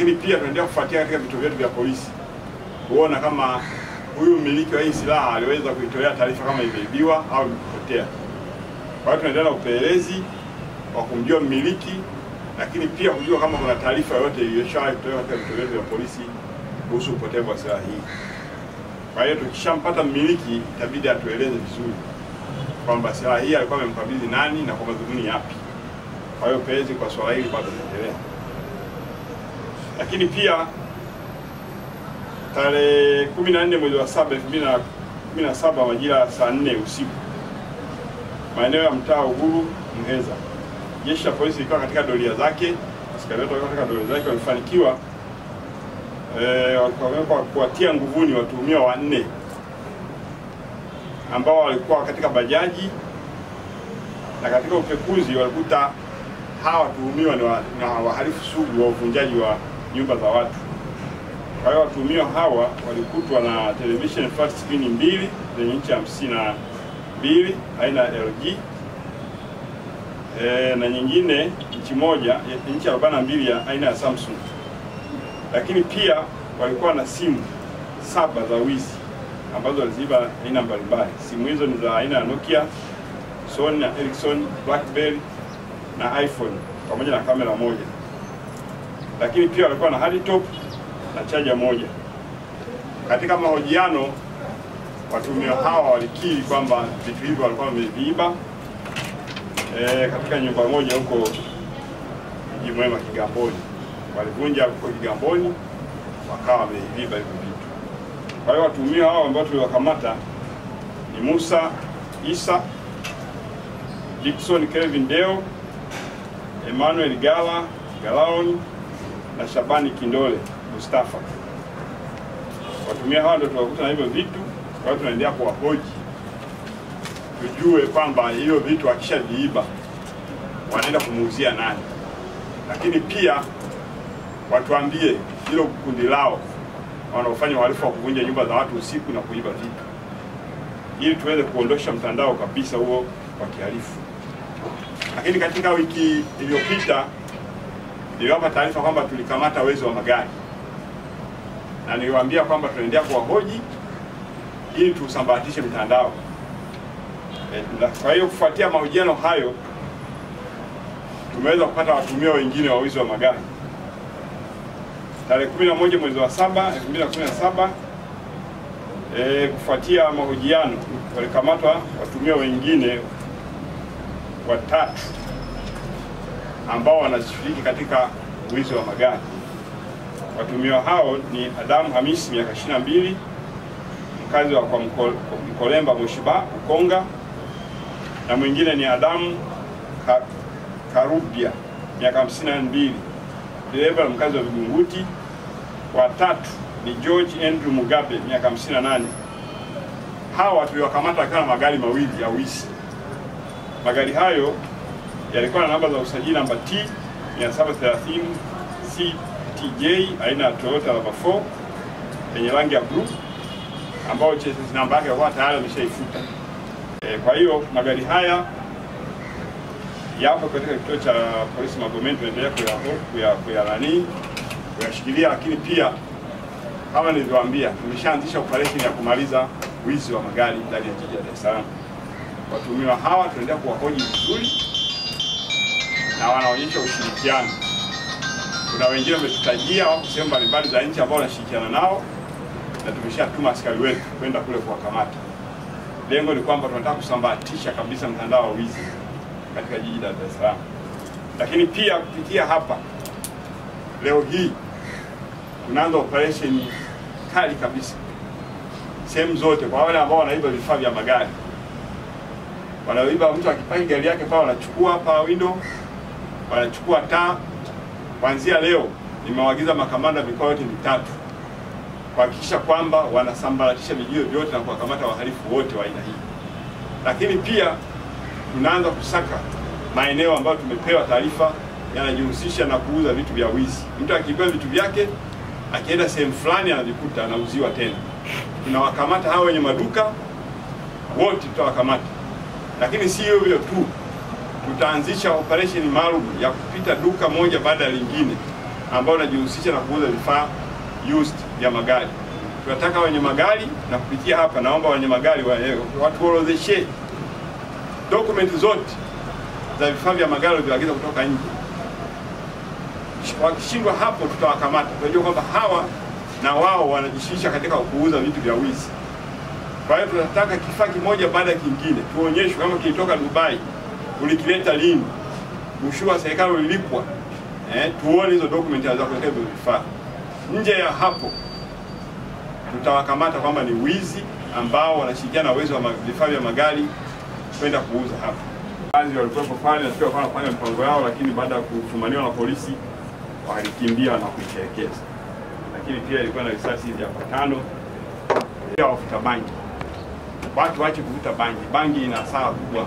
lakini pia tunaendelea kufuatilia katika vituo vyetu vya polisi kuona kama huyu mmiliki wa hii silaha aliweza kuitolea taarifa kama imeibiwa au imepotea. Kwa hiyo tunaendelea na upelelezi wa kumjua mmiliki, lakini pia kujua kama kuna taarifa yoyote iliyoshawahi kutolewa katika vituo vyetu vya polisi kuhusu upotevu wa silaha hii. Kwa hiyo tukishampata mmiliki, itabidi atueleze vizuri kwamba silaha hii alikuwa amemkabidhi nani na kwa madhumuni yapi. Kwa hiyo upelelezi kwa swala hili bado unaendelea lakini pia tarehe 14 mwezi wa 7 2017 majira ya saa nne usiku maeneo ya mtaa Uhuru Mheza, jeshi la polisi likiwa katika doria zake, askari wetu katika doria zake walifanikiwa e, eh, kuwatia nguvuni watuhumiwa wanne ambao walikuwa katika bajaji na katika upekuzi walikuta hawa watuhumiwa ni wahalifu sugu wa uvunjaji wa nyumba za watu. Kwa hiyo watuhumiwa hawa walikutwa na television flat screen mbili zenye inchi hamsini na mbili aina ya LG e, eh, na nyingine inchi moja inchi arobaini na mbili ya aina ya Samsung, lakini pia walikuwa na simu saba za wizi ambazo waliziba aina mbalimbali. Simu hizo ni za aina ya Nokia, Sony, Ericsson, Blackberry na iPhone pamoja na kamera moja lakini pia walikuwa na hardtop na chaja moja. Katika mahojiano, watuhumiwa hawa walikiri kwamba vitu hivyo walikuwa wameviiba e, katika nyumba moja huko Mji Mwema Kigamboni. Walivunja huko Kigamboni wakawa wameibiba hivyo vitu. Kwa hiyo watuhumiwa hawa ambao tuliwakamata ni Musa Isa, Dickson Kevin Deo, Emmanuel Gala Galaoni, na Shabani Kindole Mustafa. Watumia hawa ndio tunakuta na hivyo vitu, kwa hiyo tunaendelea kuwahoji tujue kwamba hivyo vitu viiba wanaenda kumuuzia nani, lakini pia watuambie hilo kundi lao wanaofanya uhalifu wa kuvunja nyumba za watu usiku na kuiba vitu, ili tuweze kuondosha mtandao kabisa huo wa kihalifu. Lakini katika wiki iliyopita niliwapa taarifa kwamba tulikamata wezi wa magari na niliwaambia kwamba tunaendelea kuwahoji ili tusambaratishe mtandao. E, kwa hiyo kufuatia mahojiano hayo tumeweza kupata watumia wengine wa wizi wa magari. Tarehe 11 mwezi wa 7 2017, e, kufuatia mahojiano walikamatwa watumia wengine watatu ambao wanashiriki katika wizi wa magari. Watumiwa hao ni Adamu Hamisi miaka 22, mkazi wa kwa Mkolemba Mwishiba Ukonga, na mwingine ni Adamu Karubia miaka 52, dereva mkazi wa Vigunguti. Watatu ni George Andrew Mugabe miaka 58. Hawa tuliwakamata kana magari mawili ya wizi. Magari hayo yalikuwa na namba za usajili namba T 730 CTJ aina ya Toyota RAV4 yenye rangi ya blue ambayo chassis namba yake kwa tayari ameshaifuta. E, kwa hiyo magari haya yapo katika kituo cha polisi Magomeni, tunaendelea nani kuyashikilia, lakini pia kama nilivyowaambia, tumeshaanzisha operesheni ya kumaliza wizi wa magari ndani ya jiji la Dar es Salaam. Watuhumiwa hawa tunaendelea kuwahoji vizuri na wanaonyesha ushirikiano. Kuna wengine wametutajia wako sehemu mbalimbali za nchi ambao wanashirikiana nao, na tumeshatuma askari wetu kwenda kule kuwakamata. Lengo ni kwamba tunataka kusambaratisha kabisa mtandao wa wizi katika jiji la Dar es Salaam, lakini pia kupitia hapa leo hii tunaanza operation kali kabisa sehemu zote, kwa wale ambao wanaiba vifaa vya magari, wanaiba mtu akipaki gari yake pale, wanachukua hapa window wanachukua taa kuanzia leo. Nimewaagiza makamanda mikoa yote mitatu kuhakikisha kwamba wanasambaratisha vijio vyote na kuwakamata wahalifu wote wa aina hii, lakini pia tunaanza kusaka maeneo ambayo tumepewa taarifa yanajihusisha na kuuza vitu vya wizi. Mtu akipewa vitu vyake akienda sehemu fulani anavikuta anauziwa tena. Tunawakamata hao wenye maduka wote, tutawakamata, lakini si hivyo tu, tutaanzisha operesheni maalum ya kupita duka moja baada ya lingine ambayo najihusisha na kuuza vifaa used vya magari. Tunataka wenye magari na kupitia hapa, naomba wenye magari eh, watuorodheshe dokumenti zote za vifaa vya magari walivyoagiza kutoka nje. Wakishindwa hapo, tutawakamata. Tunajua kwamba hawa na wao wanajishughulisha katika kuuza vitu vya wizi. Kwa hiyo tunataka kifaa kimoja baada ya kingine, tuonyeshwe kama kilitoka Dubai ulikileta lini, ushuru wa serikali ulilipwa, eh, tuone hizo document za vifaa. Nje ya hapo tutawakamata kwamba ni wizi ambao wanashirikiana na wezi wa vifaa vya magari kwenda kuuza hapo Kazi walikuwepo pale, na sikuwa wanafanya mpango yao, lakini baada ya kufumaniwa na polisi walikimbia na kuichekeza. Lakini pia ilikuwa na risasi hizi hapa tano ya wavuta bangi. Watu waache kuvuta bangi, bangi ina hasara kubwa